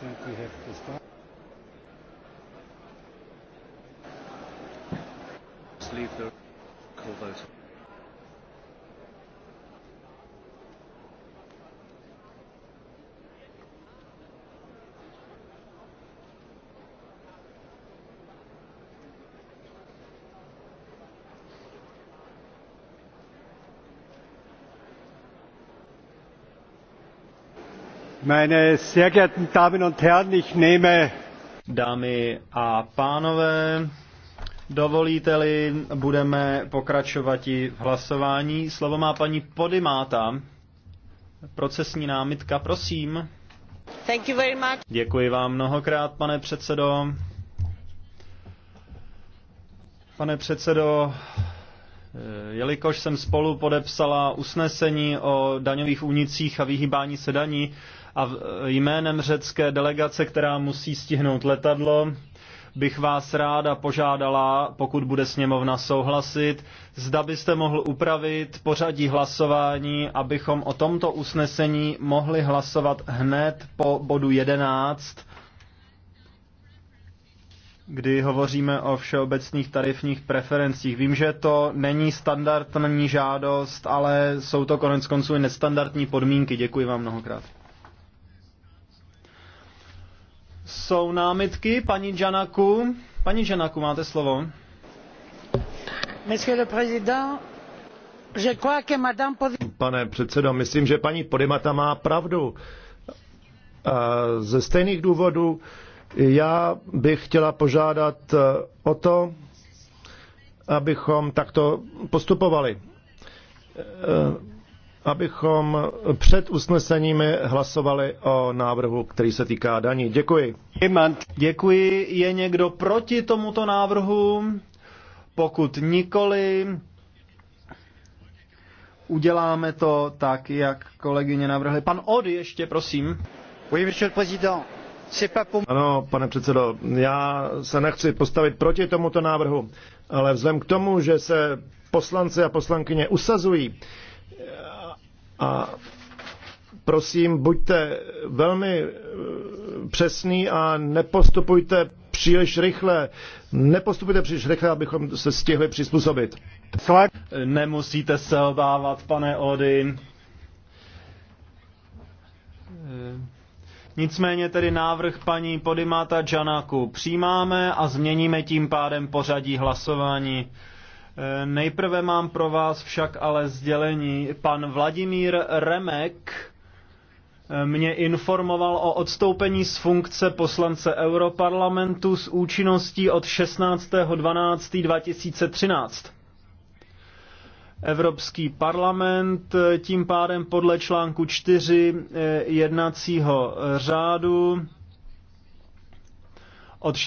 think we have to start. Leave the vote. Meine sehr geehrten Damen und Herren, ich nehme... Dámy a pánové, dovolíte-li, budeme pokračovat i v hlasování. Slovo má paní Podimáta. Procesní námitka, prosím. Thank you very much. Děkuji vám mnohokrát, pane předsedo. Pane předsedo, Eh, jelikož jsem spolu podepsala usnesení o daňových únicích a vyhýbání se daní a eh, jménem řecké delegace, která musí stihnout letadlo, bych vás ráda požádala, pokud bude sněmovna souhlasit, zda byste mohl upravit pořadí hlasování, abychom o tomto usnesení mohli hlasovat hned po bodu 11 kdy hovoříme o všeobecných tarifních preferencích. Vím, že to není standardní žádost, ale jsou to konec konců i nestandardní podmínky. Děkuji vám mnohokrát. Jsou námitky, paní Janaku? Paní Janaku, máte slovo. Monsieur le président, je crois que madame... Pane předsedo, myslím, že paní Podimata má pravdu. A ze stejných důvodů já bych chtěla požádat eh, o to, abychom takto postupovali. Eh, abychom před usneseními hlasovali o návrhu, který se týká daní. Děkuji. Děkuji. Je někdo proti tomuto návrhu? Pokud nikoli, uděláme to tak, jak kolegyně navrhly. Pan Ody ještě, prosím. Oui, monsieur le président. Ano, pane předsedo, já se nechci postavit proti tomuto návrhu, ale vzhledem k tomu, že se poslanci a poslankyně usazují a prosím, buďte velmi e, přesný a nepostupujte příliš rychle. Nepostupujte příliš rychle, abychom se stihli přizpůsobit. Nemusíte se obávat, pane Odin. Nicméně tedy návrh paní Podimata Janaku přijímáme a změníme tím pádem pořadí hlasování. E, nejprve mám pro vás však ale sdělení. Pan Vladimír Remek e, mě informoval o odstoupení z funkce poslance Europarlamentu s účinností od 16.12.2013. Evropský parlament eh, tím pádem podle článku 4 eh, jednacího řádu